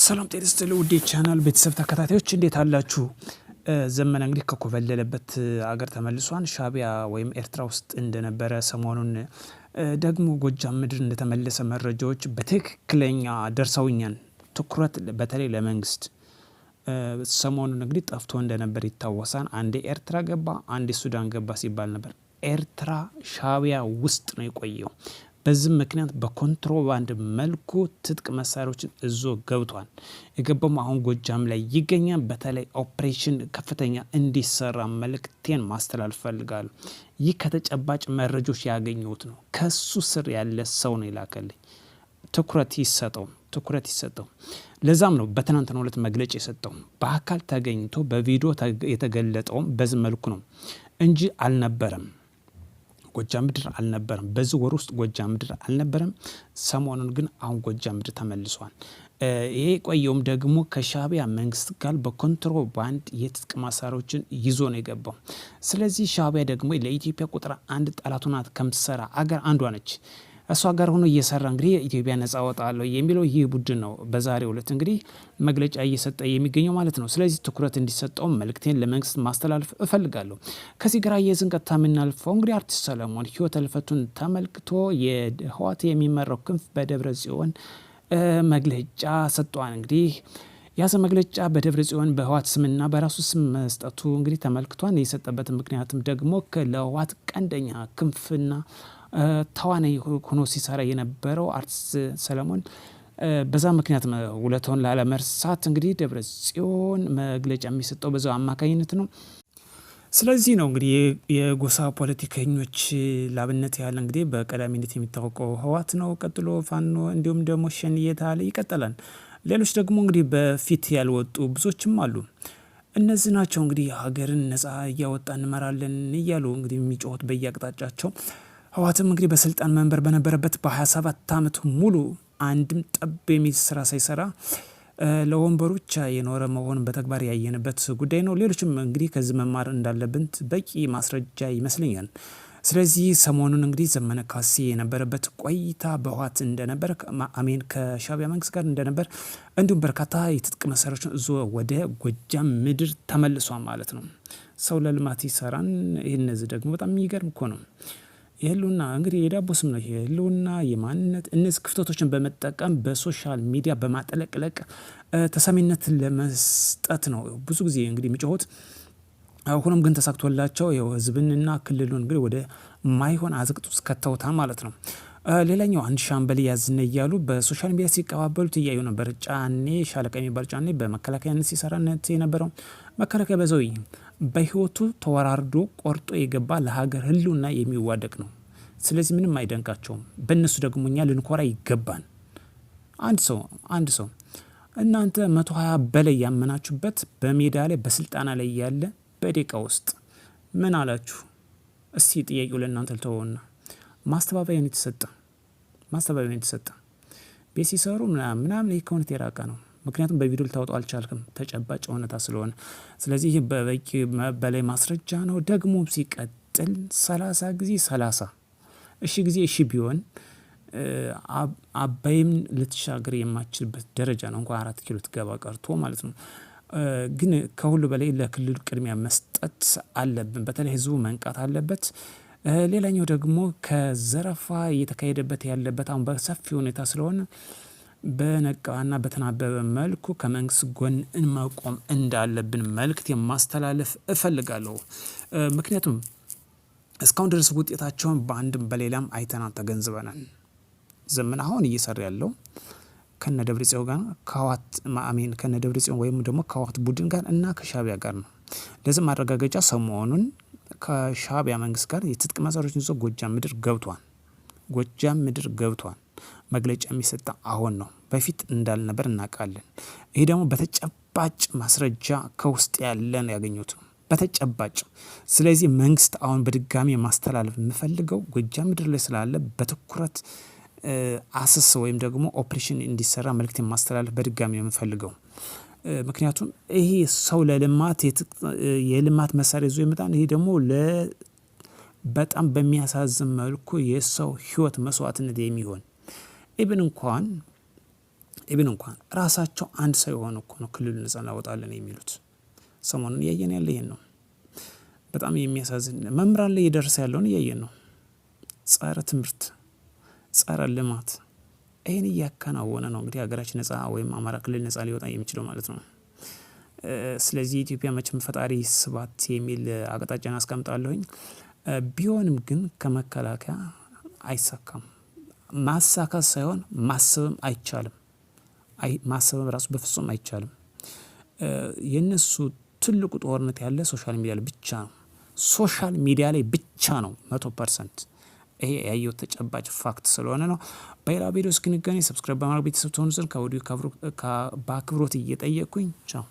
ሰላም ጤና ይስጥልኝ ውዴ ቻናል ቤተሰብ ተከታታዮች እንዴት አላችሁ? ዘመነ እንግዲህ ከኮበለለበት አገር ተመልሷን ሻቢያ ወይም ኤርትራ ውስጥ እንደነበረ ሰሞኑን ደግሞ ጎጃም ምድር እንደተመለሰ መረጃዎች በትክክለኛ ደርሰውኛል። ትኩረት በተለይ ለመንግስት ሰሞኑን እንግዲህ ጠፍቶ እንደነበር ይታወሳል። አንዴ ኤርትራ ገባ፣ አንዴ ሱዳን ገባ ሲባል ነበር። ኤርትራ ሻቢያ ውስጥ ነው የቆየው። በዚህም ምክንያት በኮንትሮባንድ መልኩ ትጥቅ መሳሪያዎችን እዞ ገብቷል። የገባውም አሁን ጎጃም ላይ ይገኛል። በተለይ ኦፕሬሽን ከፍተኛ እንዲሰራ መልእክቴን ማስተላለፍ ፈልጋለሁ። ይህ ከተጨባጭ መረጃዎች ያገኘሁት ነው። ከሱ ስር ያለ ሰው ነው ይላከልኝ። ትኩረት ይሰጠው ትኩረት ይሰጠው። ለዛም ነው በትናንትናው ዕለት መግለጫ የሰጠው በአካል ተገኝቶ በቪዲዮ የተገለጠውም በዚህ መልኩ ነው እንጂ አልነበረም። ጎጃም ምድር አልነበረም። በዚህ ወር ውስጥ ጎጃም ምድር አልነበረም። ሰሞኑን ግን አሁን ጎጃም ምድር ተመልሷል። ይሄ የቆየውም ደግሞ ከሻቢያ መንግስት ጋር በኮንትሮባንድ የትጥቅ ማሳሪያዎችን ይዞ ነው የገባው። ስለዚህ ሻቢያ ደግሞ ለኢትዮጵያ ቁጥር አንድ ጠላቱ ናት ከምትሰራ አገር አንዷ ነች። እሷ ጋር ሆኖ እየሰራ እንግዲህ ኢትዮጵያ ነጻ ወጣለሁ የሚለው ይህ ቡድን ነው በዛሬው ዕለት እንግዲህ መግለጫ እየሰጠ የሚገኘው ማለት ነው። ስለዚህ ትኩረት እንዲሰጠው መልእክቴን ለመንግስት ማስተላለፍ እፈልጋለሁ። ከዚህ ጋር የዝን ቀጥታ የምናልፈው እንግዲህ አርቲስት ሰለሞን ህይወት ህልፈቱን ተመልክቶ የህወሓት የሚመራው ክንፍ በደብረ ጽዮን መግለጫ ሰጥቷል እንግዲህ ያሰ መግለጫ በደብረ ጽዮን በህዋት ስምና በራሱ ስም መስጠቱ እንግዲህ ተመልክቷን። የሰጠበት ምክንያትም ደግሞ ለህዋት ቀንደኛ ክንፍና ተዋናይ ሆኖ ሲሰራ የነበረው አርቲስት ሰለሞን በዛ ምክንያት ውለታውን ላለመርሳት እንግዲህ ደብረ ጽዮን መግለጫ የሚሰጠው በዛው አማካኝነት ነው። ስለዚህ ነው እንግዲህ የጎሳ ፖለቲከኞች ላብነት ያህል እንግዲህ በቀዳሚነት የሚታወቀው ህዋት ነው። ቀጥሎ ፋኖ እንዲሁም ደግሞ ሸኔ እየተባለ ይቀጥላል። ሌሎች ደግሞ እንግዲህ በፊት ያልወጡ ብዙዎችም አሉ። እነዚህ ናቸው እንግዲህ ሀገርን ነጻ እያወጣ እንመራለን እያሉ እንግዲህ የሚጮሁት በየአቅጣጫቸው። ህወሓትም እንግዲህ በስልጣን መንበር በነበረበት በ27 ዓመት ሙሉ አንድም ጠብ የሚል ስራ ሳይሰራ ለወንበሩ ብቻ የኖረ መሆን በተግባር ያየንበት ጉዳይ ነው። ሌሎችም እንግዲህ ከዚህ መማር እንዳለብን በቂ ማስረጃ ይመስለኛል። ስለዚህ ሰሞኑን እንግዲህ ዘመነ ካሴ የነበረበት ቆይታ በህወሓት እንደነበር አሜን ከሻቢያ መንግስት ጋር እንደነበር እንዲሁም በርካታ የትጥቅ መሳሪያዎችን እዞ ወደ ጎጃም ምድር ተመልሷል ማለት ነው። ሰው ለልማት ይሰራን። ይህ እነዚህ ደግሞ በጣም የሚገርም እኮ ነው። የህልውና እንግዲህ የዳቦ ስም ነው። የህልውና የማንነት እነዚህ ክፍተቶችን በመጠቀም በሶሻል ሚዲያ በማጠለቅለቅ ተሰሚነት ለመስጠት ነው ብዙ ጊዜ እንግዲህ የሚጮሁት። ሆኖም ግን ተሳክቶላቸው ህዝብንና ክልሉን እንግዲህ ወደ ማይሆን አዘቅጥ ውስጥ ከተውታል ማለት ነው። ሌላኛው አንድ ሻምበል ያዝነ እያሉ በሶሻል ሚዲያ ሲቀባበሉት እያዩ ነበር። ጫኔ ሻለቃ የሚባል ጫኔ በመከላከያነት ሲሰራነት የነበረው መከላከያ በዘው በህይወቱ ተወራርዶ ቆርጦ የገባ ለሀገር ህልውና የሚዋደቅ ነው። ስለዚህ ምንም አይደንቃቸውም። በእነሱ ደግሞ እኛ ልንኮራ ይገባል። አንድ ሰው አንድ ሰው እናንተ መቶ ሀያ በላይ ያመናችሁበት በሜዳ ላይ በስልጣና ላይ ያለ በደቂቃ ውስጥ ምን አላችሁ? እስቲ ጥያቄው ለእናንተ ልተወውና ማስተባበያን የተሰጠ ማስተባበያን የተሰጠ ቤት ሲሰሩ ምናምን ይህ ከእውነት የራቀ ነው። ምክንያቱም በቪዲዮ ልታወጣው አልቻልክም፣ ተጨባጭ እውነታ ስለሆነ። ስለዚህ ይህ በበቂ በላይ ማስረጃ ነው። ደግሞ ሲቀጥል ሰላሳ ጊዜ ሰላሳ እሺ ጊዜ እሺ ቢሆን አባይም ልትሻገር የማችልበት ደረጃ ነው። እንኳን አራት ኪሎ ትገባ ቀርቶ ማለት ነው። ግን ከሁሉ በላይ ለክልሉ ቅድሚያ መስጠት አለብን። በተለይ ህዝቡ መንቃት አለበት። ሌላኛው ደግሞ ከዘረፋ እየተካሄደበት ያለበት አሁን በሰፊ ሁኔታ ስለሆነ በነቃና በተናበበ መልኩ ከመንግስት ጎን መቆም እንዳለብን መልእክት የማስተላለፍ እፈልጋለሁ። ምክንያቱም እስካሁን ድረስ ውጤታቸውን በአንድም በሌላም አይተናል፣ ተገንዝበናል። ዘመን አሁን እየሰራ ያለው ከነ ደብረ ጽዮን ጋር ከዋት ማአሜን ከነ ደብረ ጽዮን ወይም ደግሞ ከህወሓት ቡድን ጋር እና ከሻቢያ ጋር ነው። ለዚህ ማረጋገጫ ሰሞኑን ከሻቢያ መንግስት ጋር የትጥቅ መሳሪያዎችን ይዞ ጎጃም ምድር ገብቷል። ጎጃም ምድር ገብቷል። መግለጫ የሚሰጠ አሁን ነው። በፊት እንዳልነበር እናውቃለን። ይሄ ደግሞ በተጨባጭ ማስረጃ ከውስጥ ያለን ያገኙት ነው በተጨባጭ ስለዚህ መንግስት አሁን በድጋሚ ማስተላለፍ የምፈልገው ጎጃም ምድር ላይ ስላለ በትኩረት አስስ ወይም ደግሞ ኦፕሬሽን እንዲሰራ መልክት ማስተላለፍ በድጋሚ ነው የምፈልገው። ምክንያቱም ይሄ ሰው ለልማት የልማት መሳሪያ ይዞ ይመጣል። ይሄ ደግሞ በጣም በሚያሳዝን መልኩ የሰው ህይወት መስዋዕትነት የሚሆን ኢብን እንኳን ኢብን እንኳን ራሳቸው አንድ ሰው የሆነ እኮ ነው ክልሉ ነጻ እናወጣለን የሚሉት ሰሞኑን እያየን ያለ ይህን ነው። በጣም የሚያሳዝን መምህራን ላይ የደረሰ ያለውን እያየን ነው። ጸረ ትምህርት ጸረ ልማት ይህን እያከናወነ ነው እንግዲህ ሀገራችን ነጻ ወይም አማራ ክልል ነጻ ሊወጣ የሚችለው ማለት ነው። ስለዚህ ኢትዮጵያ መቼም ፈጣሪ ስባት የሚል አቅጣጫን አስቀምጣለሁኝ። ቢሆንም ግን ከመከላከያ አይሳካም። ማሳካት ሳይሆን ማሰብም አይቻልም። ማሰብም ራሱ በፍጹም አይቻልም። የእነሱ ትልቁ ጦርነት ያለ ሶሻል ሚዲያ ላይ ብቻ ነው። ሶሻል ሚዲያ ላይ ብቻ ነው መቶ ፐርሰንት ይሄ ያየው ተጨባጭ ፋክት ስለሆነ ነው። በሌላ ቪዲዮ እስክንገናኝ ሰብስክራይብ በማድረግ ቤተሰብ ትሆኑ ዘንድ ከወዲሁ በአክብሮት እየጠየቅኩኝ ቻው።